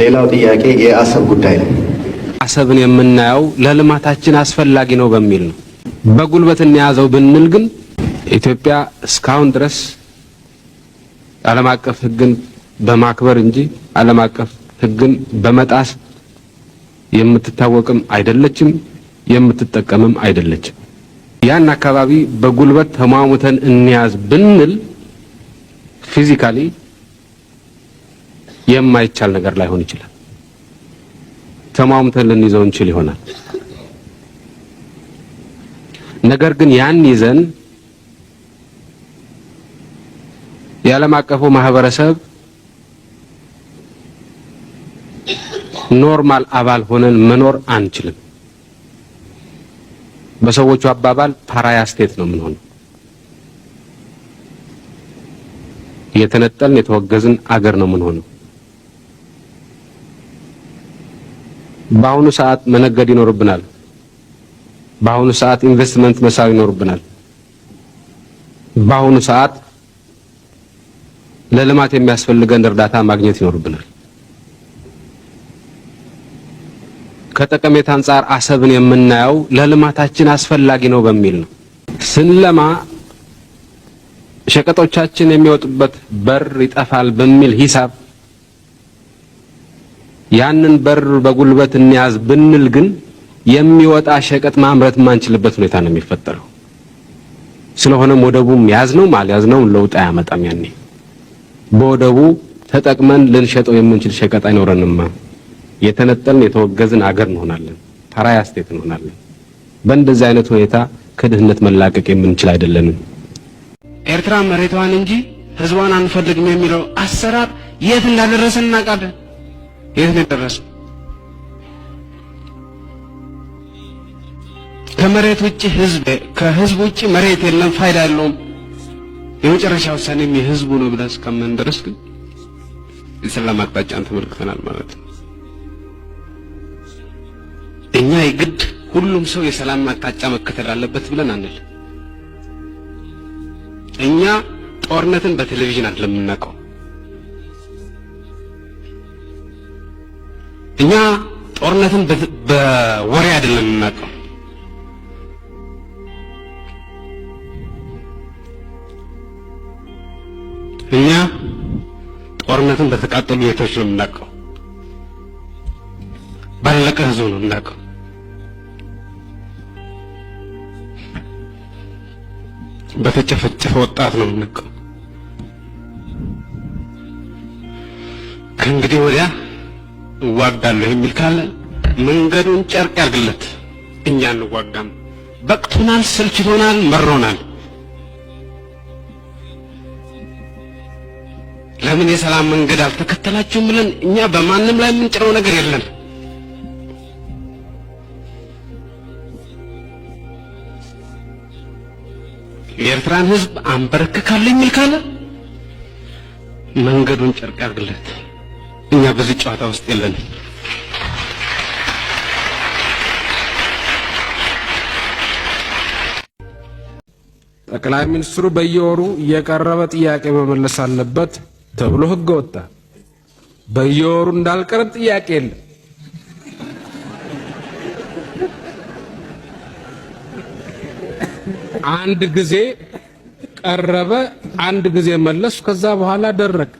ሌላው ጥያቄ የአሰብ ጉዳይ ነው። አሰብን የምናየው ለልማታችን አስፈላጊ ነው በሚል ነው። በጉልበት እንያዘው ብንል ግን ኢትዮጵያ እስካሁን ድረስ ዓለም አቀፍ ሕግን በማክበር እንጂ ዓለም አቀፍ ሕግን በመጣስ የምትታወቅም አይደለችም፣ የምትጠቀምም አይደለችም። ያን አካባቢ በጉልበት ተሟሙተን እንያዝ ብንል ፊዚካሊ የማይቻል ነገር ላይሆን ይችላል። ተማምተን ልንይዘው እንችል ይሆናል። ነገር ግን ያን ይዘን የዓለም አቀፉ ማህበረሰብ ኖርማል አባል ሆነን መኖር አንችልም። በሰዎቹ አባባል ፓራያ ስቴት ነው የምንሆነው። የተነጠልን የተወገዝን አገር ነው የምንሆነው። በአሁኑ ሰዓት መነገድ ይኖርብናል። በአሁኑ ሰዓት ኢንቨስትመንት መሳብ ይኖርብናል። በአሁኑ ሰዓት ለልማት የሚያስፈልገን እርዳታ ማግኘት ይኖርብናል። ከጠቀሜታ አንጻር አሰብን የምናየው ለልማታችን አስፈላጊ ነው በሚል ነው። ስንለማ ሸቀጦቻችን የሚወጡበት በር ይጠፋል በሚል ሂሳብ ያንን በር በጉልበት እንያዝ ብንል ግን የሚወጣ ሸቀጥ ማምረት የማንችልበት ሁኔታ ነው የሚፈጠረው። ስለሆነም ወደቡም ያዝነውም አልያዝነውም ለውጥ አያመጣም። ያኔ በወደቡ ተጠቅመን ልንሸጠው የምንችል ሸቀጥ አይኖረንማ። የተነጠልን የተወገዝን አገር እንሆናለን። ፓራያ ስቴት እንሆናለን። በእንደዚህ አይነት ሁኔታ ከድህነት መላቀቅ የምንችል አይደለንም። ኤርትራ መሬቷን እንጂ ህዝቧን አንፈልግም የሚለው አሰራር የት እንዳደረሰን እናውቃለን። የት ነው የደረሰው? ከመሬት ውጭ ህዝብ ከህዝብ ውጭ መሬት የለም፣ ፋይዳ የለውም። የመጨረሻ ውሳኔም የህዝቡ ነው ብለህ ድረስ ግን የሰላም አቅጣጫን ተመልክተናል ማለት ነው። እኛ የግድ ሁሉም ሰው የሰላም አቅጣጫ መከተል አለበት ብለን አንል። እኛ ጦርነትን በቴሌቪዥን አይደለም የምናውቀው። እኛ ጦርነትን በወሬ አይደለም የምናውቀው። እኛ ጦርነትን በተቃጠሉ ቤቶች ነው የምናውቀው። ባለቀ ህዝብ ነው የምናውቀው። በተጨፈጨፈ ወጣት ነው የምናውቀው። ከእንግዲህ ወዲያ እዋጋለሁ የሚል ካለ መንገዱን ጨርቅ ያርግለት። እኛ እንዋጋም። በቅቶናል፣ ሰልችቶናል፣ መሮናል። ለምን የሰላም መንገድ አልተከተላችሁም ብለን እኛ በማንም ላይ የምንጭረው ነገር የለን። የኤርትራን ሕዝብ አንበረክካለሁ የሚል ካለ መንገዱን ጨርቅ ያርግለት። እኛ በዚህ ጨዋታ ውስጥ የለንም። ጠቅላይ ሚኒስትሩ በየወሩ የቀረበ ጥያቄ መመለስ አለበት ተብሎ ህገ ወጣ። በየወሩ እንዳልቀረብ ጥያቄ የለም። አንድ ጊዜ ቀረበ፣ አንድ ጊዜ መለሱ። ከዛ በኋላ ደረቀ።